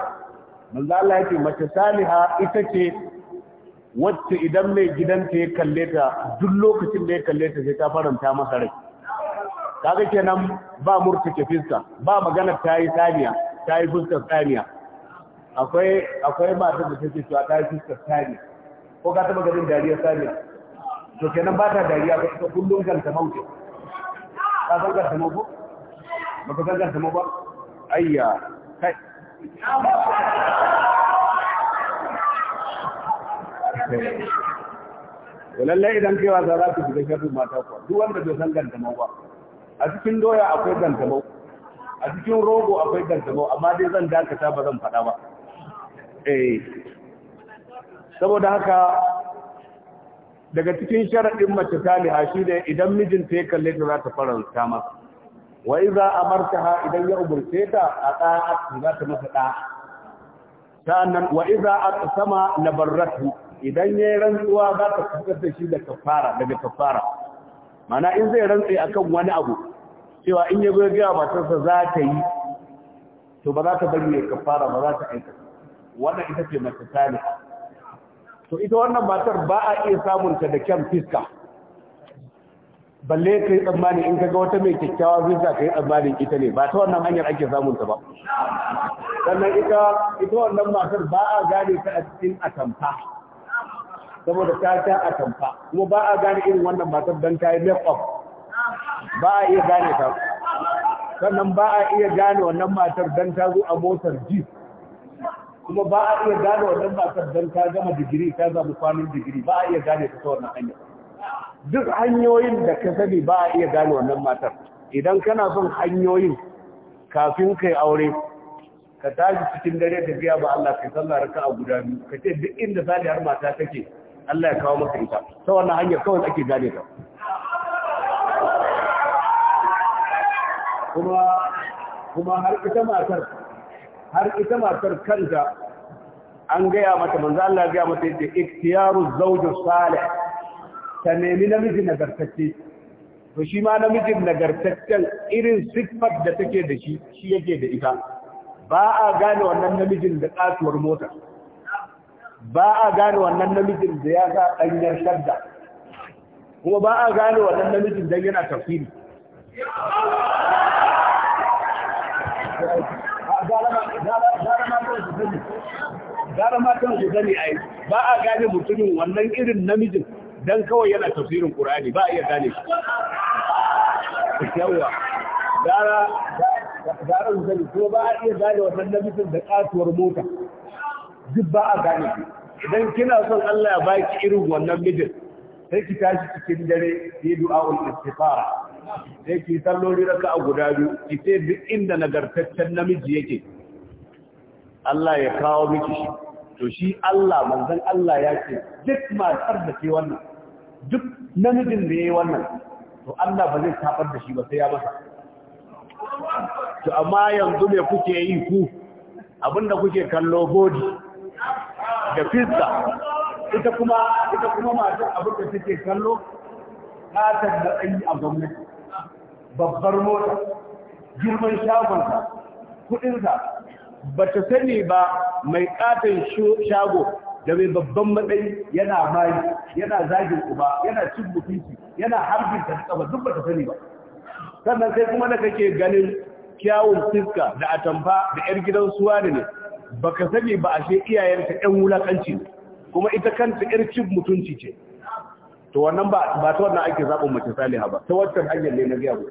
da Allah yake mace saliha ita ce wacce idan mai gidanta ya kalle ta duk lokacin da ya kalle ta sai ta faranta masa rai kaga kenan ba murtuke fiska ba magana ta yi saniya ta yi fuska saniya akwai akwai matar da take cewa ta yi fuska saniya ko ka taba ganin dariya saniya to kenan ba ta dariya ka ita kullum ganta mauke ka san ganta mauce ba ka san ganta mauce ba ayya kai lallai idan kai wasa za ku shiga mata kuwa duk wanda bai san ganta mawa. a cikin doya akwai gantamau a cikin rogo akwai gantamau amma dai zan dakata ba zan faɗa ba eh saboda haka daga cikin sharaɗin mace saliha shi ne idan mijinta ya kalle ta za ta faranta masa wa iza amartaha idan ya umurce ta a da'a za ta masa da'a sannan wa iza aqsama labarratu idan yi rantsuwa za ta fitar da shi da kafara daga kafara mana in zai rantse akan wani abu cewa in ya ba ta matarsa za ta yi to ba za ta bari ya kafara ba za ta aika. wannan ita ce mata tani to ita wannan matar ba a iya samunta da kyan fiska balle kai tsammani in kaga wata mai kyakkyawa fiska ka yi tsammanin ita ne ba ta wannan hanyar ake samunta ba sannan ita ita wannan matar ba a gane ta a cikin atamfa saboda ta ta a tamfa kuma ba a gane irin wannan matar don ta yi make up ba a iya gane ta sannan ba a iya gane wannan matar don ta zo a motar jeep kuma ba a iya gane wannan matar don ta gama digiri ta zama kwanin digiri ba a iya gane ta ta wannan hanyar duk hanyoyin da ka sani ba a iya gane wannan matar idan kana son hanyoyin kafin kai aure ka tashi cikin dare tafiya ba Allah kai sallah raka'a a guda biyu ka ce duk inda sani har mata take Allah ya kawo maka ita ta wannan hanyar kawai ake gane ta kuma kuma har ita matar har ita matar kanta an gaya mata manzo Allah ya gaya mata yace ikhtiyaru zawjus salih ta nemi namiji nagartacce to shi ma namijin nagartaccen irin siffar da take da shi shi yake da ita ba a gane wannan namijin da kasuwar mota ba a gane wannan namijin da ya sa ɗanyar shadda kuma ba a gane wannan namijin don yana tafsiri gara ba a gane mutumin wannan irin namijin don kawai yana tafsirin ƙura'ani ba a iya gane shi yawa gara su zane ko ba a iya gane wannan namijin da katuwar mota duk ba a gane ku. idan kina son Allah ya baki irin wannan mijin sai ki tashi cikin dare yi du'a'ul istikhara sai ki salloli a guda biyu ki sai duk inda nagartaccen namiji yake Allah ya kawo miki shi to shi Allah manzon Allah ya ce duk matar da ke wannan duk namijin da yayi wannan to Allah ba zai tafar da shi ba sai ya masa to amma yanzu me kuke yi ku abinda kuke kallo body da fista ita kuma ita kuma masu abin da take kallo ta da a gwamnati babbar mota girman shagonsa kudinsa ba ta sani ba mai katon shago da mai babban matsayi yana bayi yana zagin uba yana cin mutunci yana harbin ta tsaba duk ba ta sani ba sannan sai kuma da kake ganin kyawun fiska da atamfa da yar gidan suwa ne baka sani ba ashe iyayenta ɗan wulakanci kuma ita kanta ƴar cin mutunci ce to wannan ba ta wannan ake zaɓin mace saliha ba ta wancan hanyar ne na biya mu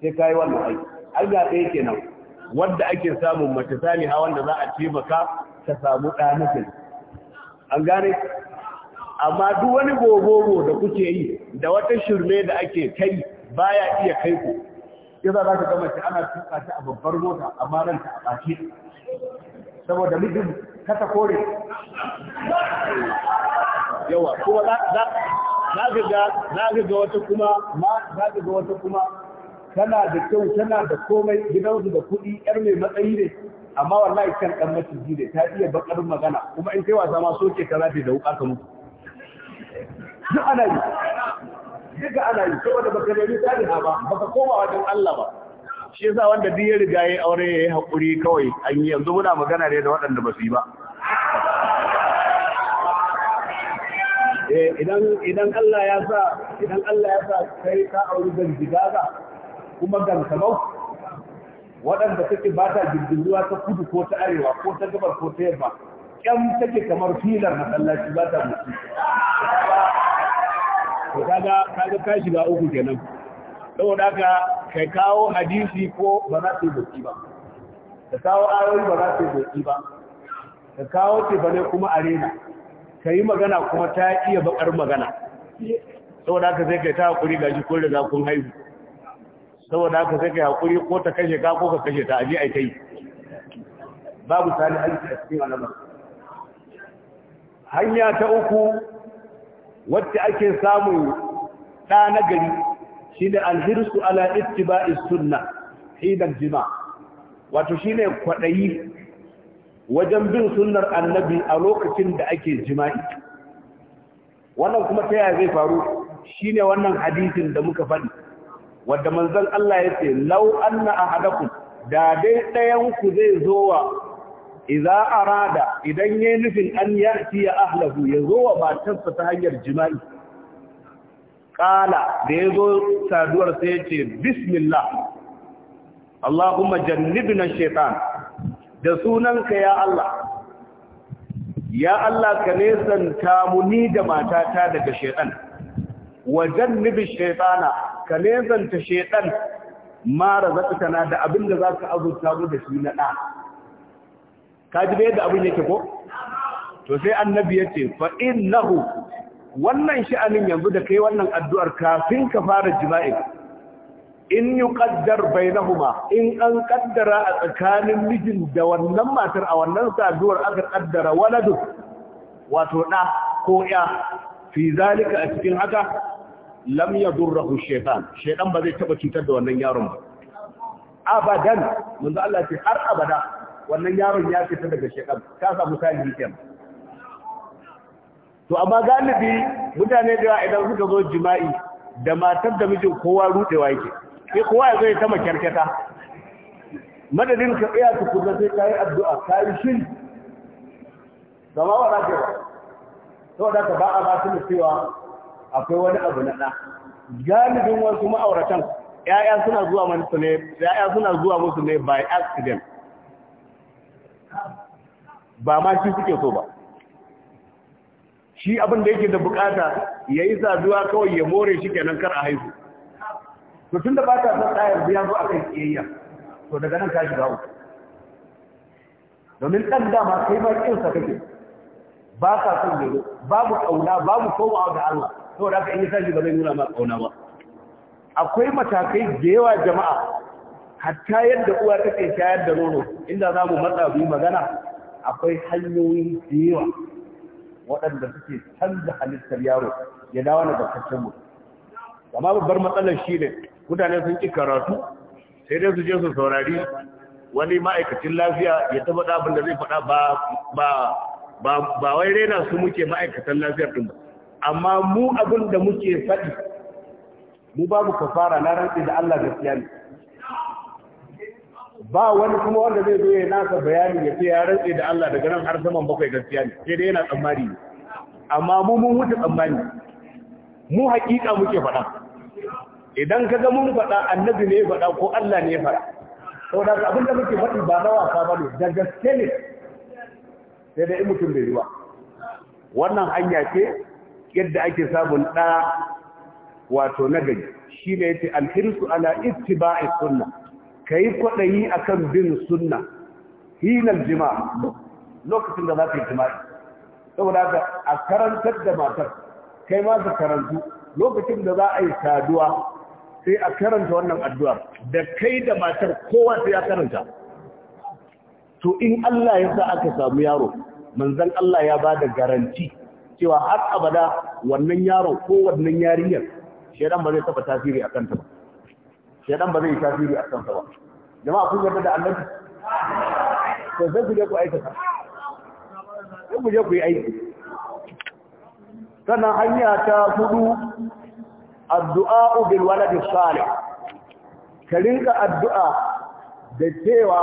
sai ka yi wannan aiki an ga ɗaya nan. wanda ake samun mace saliha wanda za a maka ta samu ɗanakin an gane amma duk wani gogogo da kuke yi da wata shirme da ake kai baya iya kai ku yasa za ka gama shi ana tuka shi a babbar mota amma ranta a ɓace saboda mijin kasa kore yawa kuma za ga wata kuma ma za ga wata kuma tana da kyau tana da komai gidansu da kuɗi yar mai matsayi ne amma wallahi kan dan maciji ne ta iya bakar magana kuma in kai wasa ma soke ta zafi da wuka ka mutu duk ana yi duka ana yi saboda baka nemi saliha ba baka koma wajen Allah ba shi yasa wanda duk ya riga yayi aure yayi hakuri kawai an yi yanzu muna magana ne da waɗanda ba su yi ba eh, idan idan Allah ya sa idan Allah ya sa kai ka aure ganjigaga kuma gantamau waɗanda take ba ta girgizuwa ta kudu ko ta arewa ko ta gabar ko ta yamma ƙyan take kamar filar masallaci ba ta mutu ko kaga kaga ka shiga uku kenan saboda haka kai kawo hadisi ko ba za su yi ba ka kawo ayoyi ba za su yi ba ka kawo bane kuma arena ka yi magana kuma ta iya bakar magana saboda haka sai kai ta hakuri gaji ko da kun haihu saboda haka sai kai hakuri ko ta kashe ka ko ka kashe ta aje ai kai babu sani aiki a cikin alamar hanya ta uku wacce ake samun ɗa na gari shi ne alhirsu ala ittiba'i sunna hidan jima wato shi ne kwaɗayi wajen bin sunnar annabi a lokacin da ake jima'i wannan kuma ta yaya zai faru shi ne wannan hadisin da muka faɗi wadda manzon Allah ya ce lau anna ahadakum da dai ɗayanku zai zo wa idza arada idan yayi nufin an yati ya ahlahu yazo wa matarsa ta hanyar jima'i kala da yazo saduwar sai yace bismillah Allahumma jannibna shaytan da sunanka ya Allah ya Allah ka nesanta mu ni da matata daga shaytan wa jannibi shaytana ka nesanta shaytan ma na da abinda zaka azurta mu da shi na da ka ji yadda abin yake ko to sai annabi yace ce fa innahu wannan sha'anin yanzu da kai wannan addu'ar kafin ka fara jima'i in yi ƙaddar bai in an ƙaddara a tsakanin mijin da wannan matar a wannan saduwar aka ƙaddara waladu wato ɗa ko ya fi zalika a cikin haka lam ya durrahu shaitan ba zai taɓa cutar da wannan yaron ba abadan manzo Allah ce har abada wannan yaron ya fita daga shekar ka samu sani kenan to amma galibi mutane da yawa idan suka zo jima'i da matar da mijin kowa rudewa yake sai kowa ya zo ya tama kyarkata madadin ka tsaya tukunna sai ka yi addu'a ka yi shi ba to ba da ka ba a ba su cewa akwai wani abu na da. galibin wasu ma'auratan ‘ya'ya suna zuwa musu ne by accident ba ma shi suke so ba shi abin da yake da bukata ya yi saduwa kawai ya more shi kenan kar a haihu to tun da ba ta san ɗayar biya zo a kan to daga nan ka shiga uku domin ɗan dama kai ma sa kake ba ka son yanzu babu ƙauna babu kowa ga Allah to da in yi sashi ba zai nuna ma ƙauna ba akwai matakai da yawa jama'a hatta yadda uwa take shayar da nono inda za mu matsa bi magana akwai hanyoyi da waɗanda suke canza halittar yaro ya dawo na zartaccen mu. amma babbar matsalar shi ne mutane sun ƙi karatu sai dai su je su saurari wani ma'aikacin lafiya ya taba faɗa abin da zai faɗa ba wai rena su muke ma'aikatan lafiyar ɗin ba amma mu abin da muke faɗi mu babu kafara na rantsi da Allah gaskiya ne ba wani kuma wanda zai zo ya nasa bayani ya ce ya rantse da Allah daga nan har saman bakwai gaskiya ne sai dai yana tsammani amma mu mun wuce tsammani mu hakika muke faɗa idan ka ga mun faɗa annabi ne ya faɗa ko Allah ne ya faɗa saboda abin da muke faɗi ba na wasa ba ne da gaske ne sai dai mutum bai ruwa wannan hanya ce yadda ake samun ɗa wato na gari shi ne ya ce alhirsu ala ittiba'i sunna ka yi kwaɗayi a kan bin sunna hinar jima'a lokacin da za ka yi jima'a. saboda haka a karantar da matar kai ma ka karantu lokacin da za a yi saduwa sai a karanta wannan addu'ar da kai da matar kowa sai ya karanta to in Allah ya sa aka samu yaro manzan Allah ya ba da garanti cewa har abada wannan yaro ko wannan yarinyar shaidan ba zai taba tasiri a kanta ba shaidan ba zai yi tasiri a kansa ba jama'a kun yarda da annabi to sai ku je ku aikata sai ku je ku yi aiki sannan hanya ta hudu addu'a bil waladi salih ka rinka addu'a da cewa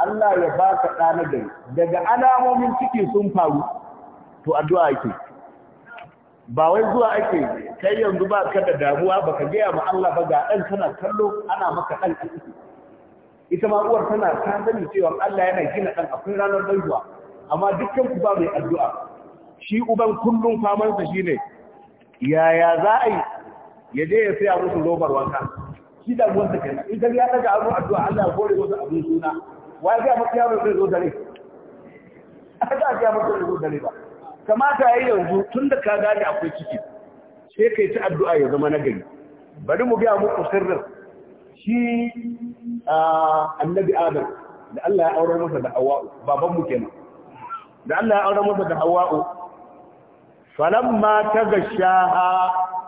Allah ya baka ɗa na gari daga alamomin ciki sun faru to addu'a yake ba wai zuwa ake kai yanzu ba ka da damuwa ba ka gaya ma Allah ba ga ɗan tana kallo ana maka ɗan a ciki ita ma uwar tana ta sani cewa Allah yana gina ɗan akwai ranar haihuwa amma dukkan ku ba mai addu'a shi uban kullum famansa shine yaya za a yi ya je ya saya musu robar wanka shi da ruwan kenan in ka ya daga abu addu'a Allah ya kore musu abin suna wa ya ga maka yaro zai zo dare aka ga maka zai zo dare ba kamata yi yanzu tun da ka gane akwai ciki sai kai ci addu'a ya zama na gari bari mu biya muku sirrin shi annabi adam da Allah ya aure masa da hawa’u baban mu kenan da Allah ya aure masa da Falon ma ta falamma tagashaha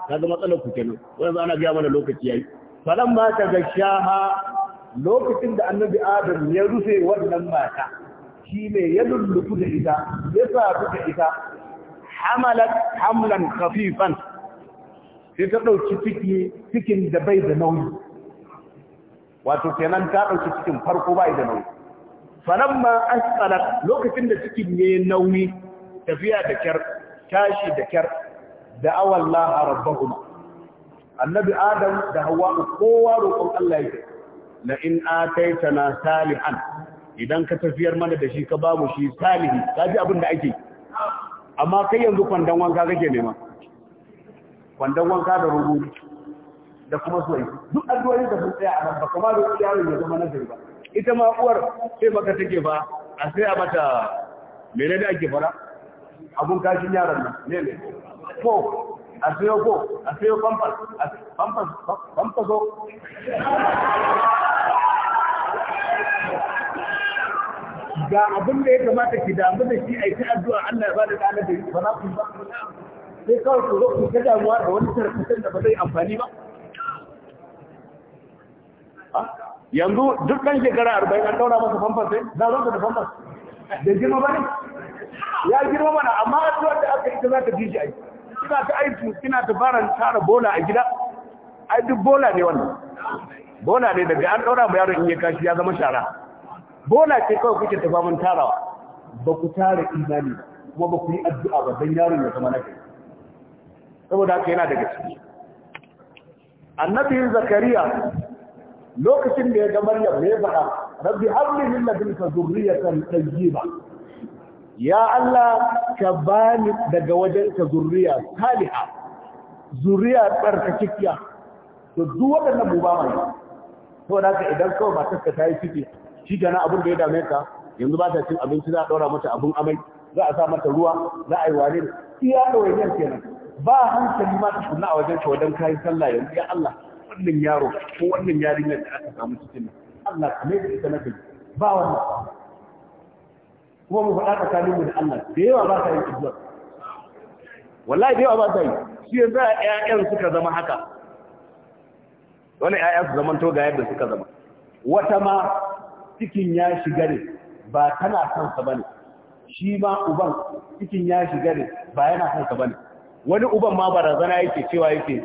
kaga matsalar ku kenan wannan ana biya mana lokaci ya yi. Falon ma ta falamma tagashaha lokacin da annabi adam ya rufe wannan mata shi ne ya lullufu da ita ya sa da ita hamalat hamlan khafifan sai ta dauki ciki cikin da bai da nauyi wato kenan ta dauki cikin farko bai da nauyi falamma asqalat lokacin da cikin yayi nauyi tafiya da kyar tashi da kyar da awallaha rabbahuma annabi adam da hawa kowa roƙon Allah yake la in ataitana salihan idan ka tafiyar mana da shi ka bamu shi salihi kaji abin da ake amma kai yanzu kwandon wanka kake nema kwandon wanka da rubu da kuma soyi duk addu'o'in da sun tsaya a nan ba kuma da yaron ya zama nazari ba ita ma uwar sai maka take ba a sai a mata mene da ake fara abun kashin yaron nan ne ne ko a sayo ko a sayo pampas pampas pampaso ga abin da ya kamata ki damu da shi aiki addu'a Allah ya bada dana da ba za ku ba sai kawai ku zo ku ta damuwa da wani tarkacen da ba zai amfani ba ah, yanzu duk kan shekara arba'in an daura masa famfas sai za zo da famfas da girma ba ne ya girma mana amma addu'a da aka ita za ka ji shi ai kina ta aiki kina ta fara tara bola a gida ai duk bola ne wannan bola ne daga an daura ma yaron in ya kashi ya zama shara bola ce kawai kuke ta mun tarawa ba ku tara imani kuma ba ku yi addu'a ba don yaron ya zama na kai saboda haka yana daga ciki annabin zakariya lokacin da ya ga maryam ne faɗa rabbi habli min kan zurriyatan tayyiba ya allah ka bani daga wajen ka zurriya saliha zurriya tsarkakiya to duk waɗannan mu ba mai to da ka idan kawai matar ka ta yi ciki shi kenan abin da ya dame ka yanzu ba ta cin abinci za a ɗora mata abin amai za a sa mata ruwa za a yi wane da iya ɗawainiyar kenan ba hankali ma ta kunna a wajen shi wajen kayan sallah yanzu ya Allah wannan yaro ko wannan yarinyar da aka samu cikin nan Allah ka mai da ita na gari ba wannan kuma mu faɗa tsakanin mu da Allah da yawa ba ta yi izuwa wallahi da yawa ba ta yi shi yanzu a ƴaƴan suka zama haka wani ƴaƴan su zaman to ga yadda suka zama wata ma cikin ya shiga ne ba tana kansa bane shi ma uban cikin ya shiga ne ba yana kansa bane wani uban ma barazana yake cewa yake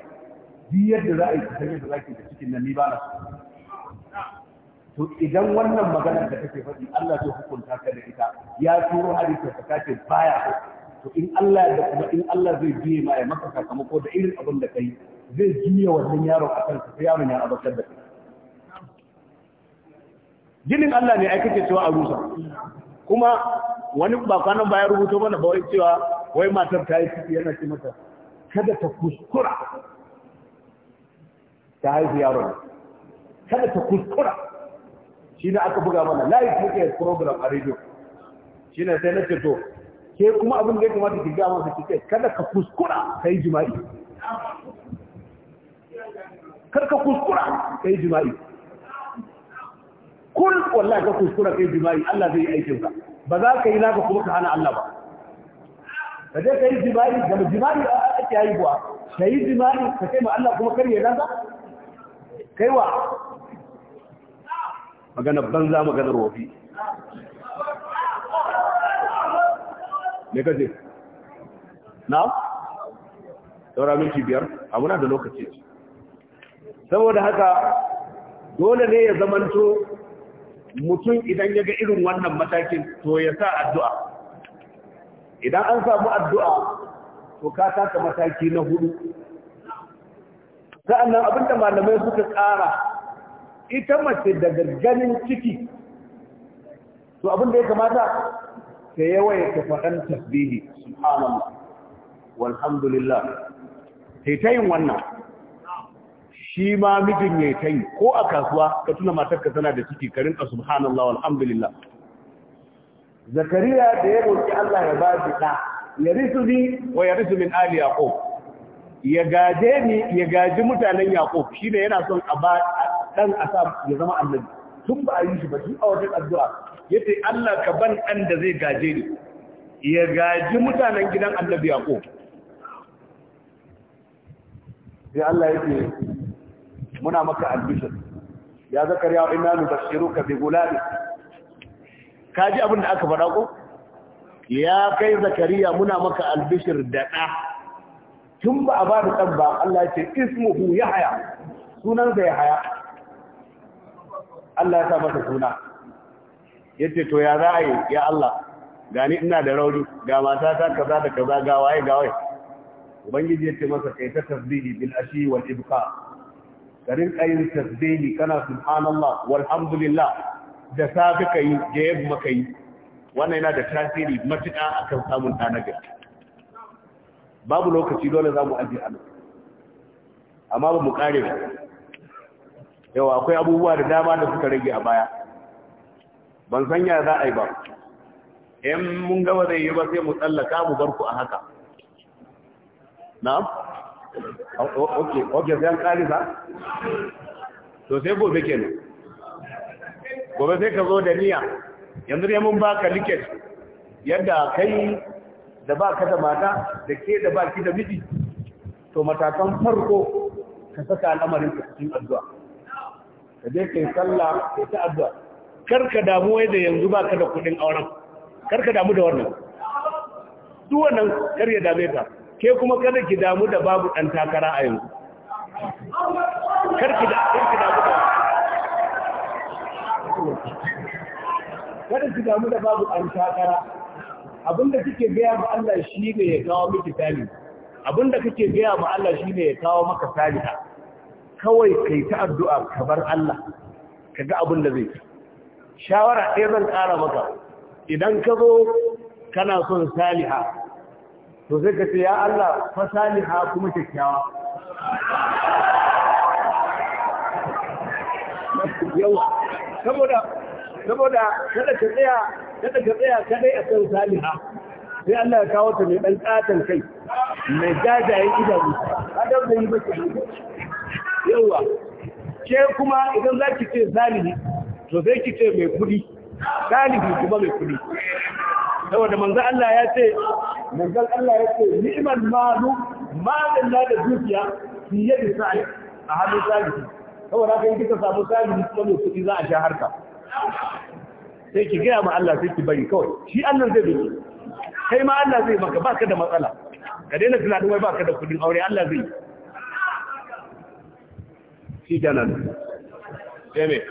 bi yadda za a yi kusan da za da cikin nan ni ba na to idan wannan maganar da kake faɗi Allah zai hukunta ka da ita ya turo hadisi ta kace baya to in Allah da kuma in Allah zai biye ma ya maka sakamako da irin abin da kai zai jiya wannan yaro akan sa yaron ya abakar da kai ginin Allah ne aikace cewa a rusa kuma wani ba kwanan baya rubuto mana ba wai cewa wai matar ta yi ciki yana ce mata kada ta kuskura ta haifi yaron kada ta kuskura shi ne aka buga mana live muke program a radio shi ne sai na ce to ke kuma abin da ya kamata ki gama su kike kada ka kuskura ka yi jima'i kar ka kuskura ka yi jima'i Kun wallahi ka kuskura kai jima'i Allah zai yi aikin ka ba za ka yi naka kuma ka hana Allah ba ka je ka yi jima'i da jima'i a ake haihuwa ka yi jima'i ka kai ma Allah kuma kar ya naka kai wa magana banza maganar wofi me kaje na saura minti biyar a muna da lokaci saboda haka dole ne ya zamanto mutum idan ya ga irin wannan matakin to ya sa addu'a idan an samu addu'a to ka taka mataki na hudu sa'annan abinda malamai suka ƙara ita mace daga ganin ciki to abinda ya kamata ta yawaye ta faɗan tasbihi subhanallah walhamdulillah ta yi ta yin wannan shi ma mijin ya ta yi ko a kasuwa ka tuna matarka tana da ciki ka rinka subhanallah Alhamdulillah. zakariya da ya roƙi Allah ya ba shi ɗa ya risu ni wa ya risu min ali yaqub ya gaje ni ya gaji mutanen yaqub shine yana son a ba dan asa ya zama annabi tun ba a yi shi ba tun a wajen addu'a yace Allah ka ban dan da zai gaje ni ya gaji mutanen gidan annabi yaqub sai Allah yake muna maka albishir. ya zakariya inna nubashiruka bi gulabi ji abin da aka faɗa ko ya kai zakariya muna maka albishir da ɗa tun ba a ba da ɗan ba Allah ya ce ismuhu ya haya sunansa ya haya Allah ya sa masa suna ya ce to ya za a yi ya Allah gani ina da rauni ga ta kaza da kaza gawaye-gawaye. ga ubangiji ya ce masa kai ta tasbihi bil ashi wal ibqa garin kayin tasbihi kana subhanallah walhamdulillah da safi kai da yamma kai wannan yana da tasiri matuƙa akan samun ɗa babu lokaci dole zamu mu aje anan amma ba mu kare ba yau akwai abubuwa da dama da suka rage a baya ban ya za a yi ba in mun gaba zai yi ba sai mu tsallaka mu barku a haka na ok ok sai an ƙarisa to sai gobe kenan gobe sai ka zo da niyya yanzu ne mun ba ka liket yadda kai da ba ka da mata da ke da ba ki da miji to matakan farko ka saka al'amarin ka cikin addu'a ka je kai sallah ka ta addu'a karka damu wai da yanzu ba ka da kudin auren karka damu da wannan duwannan kar ya dame ka ke kuma kada ki damu da babu ɗan takara a yanzu karki da kada ki damu da babu ɗan takara abinda kike gaya ba Allah shi ne ya kawo miki tali abinda kake gaya ba Allah shi ne ya kawo maka taliha kawai kai ta addu'a ka bar Allah ka ga abin da zai shawara ɗaya zan ƙara maka idan ka zo kana son saliha to sai ka ce ya Allah fasaliha kuma kyakkyawa yawa saboda saboda kada ka tsaya kada ka tsaya kadai akan saliha sai Allah ya kawo ta mai dan tsatan kai mai jajayen idanu kada da yi baki yawa ke kuma idan zaki ce zalimi to sai ki ce mai kudi zalimi kuma mai kudi saboda manzo Allah ya ce manzo Allah ya ce ni'mal malu malin da dukiya fi yadi sa'i a hannun sabiti saboda kai kika samu sabiti kuma mai kudi za a sha harka sai ki gaya ma Allah sai ki bari kawai shi Allah zai duki kai ma Allah zai maka baka da matsala ka daina tunanin wai baka da kuɗin aure Allah zai shi kenan sai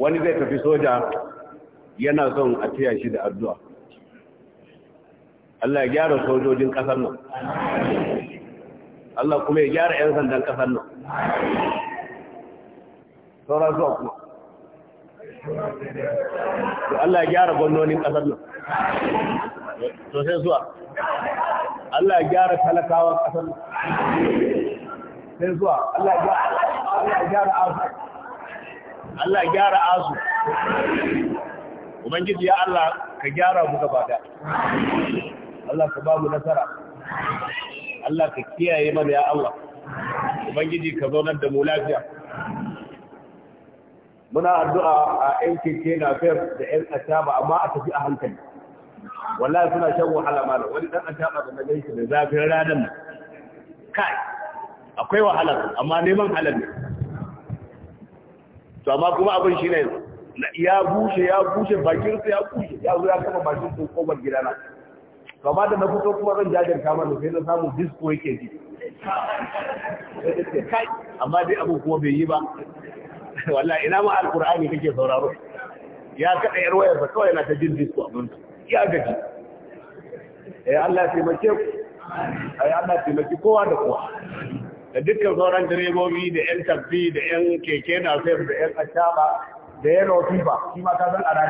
wani zai tafi soja yana son a taya shi da addu'a Allah ya gyara sojojin ƙasar nan Allah kuma ya gyara 'yan sandan ƙasar nan sauran zuwa kuma Allah ya gyara gwamnonin ƙasar nan sosai zuwa Allah ya gyara talakawan ƙasar nan sai zuwa Allah ya gyara afirka Allah gyara azu ubangiji ya Allah ka gyara mu gaba da Allah ka ba mu nasara Allah ka kiyaye mana ya Allah ubangiji ka zaunar da mu lafiya muna addu'a a yan keke na fayar da yan asaba amma a tafi a hankali wallahi suna shan wahala mana wani dan asaba da na gaishe da zafin ranar kai akwai wahala amma neman halal ne to amma kuma abin shi ne ya bushe ya bushe bakinsa ya bushe ya zo ya kama bakin sun kobar gidana to amma da na fito kuma zan jajar kama da sai na samu disco yake ji kai amma dai abu kuma bai yi ba wallahi ina ma alkur'ani kake sauraro ya kada yar wayarsa kawai yana ta jin disco abin ya gaji eh Allah ya taimake ku ai Allah ya taimaki kowa da kowa da dukkan sauran direbobi da 'yan tafi da 'yan keke na sayar da 'yan ashaba da rofi ba, shi ma ta san a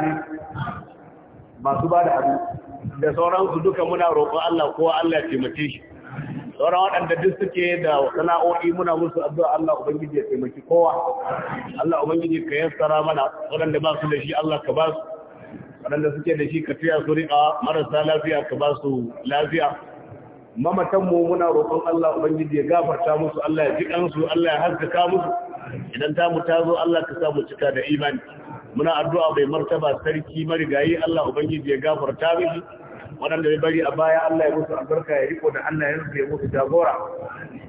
masu ba da abu da sauransu duka muna roƙon Allah ko Allah ya taimake shi sauran waɗanda duk suke da sana'o'i muna musu addu'a Allah ubangiji ya taimaki kowa Allah ubangiji ka yassara mana waɗanda ba su da shi Allah ka ba su waɗanda suke da shi ka tiya su riƙa marasa lafiya ka ba su lafiya mamatanmu muna roƙon Allah Ubangiji ya gafarta musu Allah ya ji kansu Allah ya haskaka musu idan ta mu tazo Allah ka sa mu cika da imani muna addu'a bai martaba sarki marigayi Allah Ubangiji ya gafarta miki wadanda ya bari a baya Allah ya musu albarka ya riko da Allah ya rufe musu jagora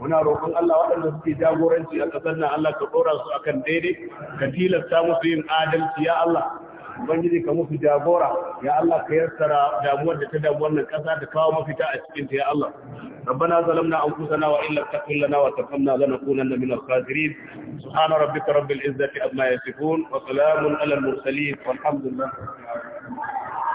muna roƙon Allah waɗanda suke jagoranci a ƙasar nan Allah ka ɗora su akan daidai ka tilasta musu yin adalci ya Allah ubangiji ka musu jagora ya Allah ka yassara damuwar da ta damu wannan kasa ta kawo mafita a cikin ta ya Allah ربنا ظلمنا انفسنا وان لم تغفر لنا وترحمنا لنكونن من الخاسرين سبحان ربك رب العزه عما يصفون وسلام على المرسلين والحمد لله رب العالمين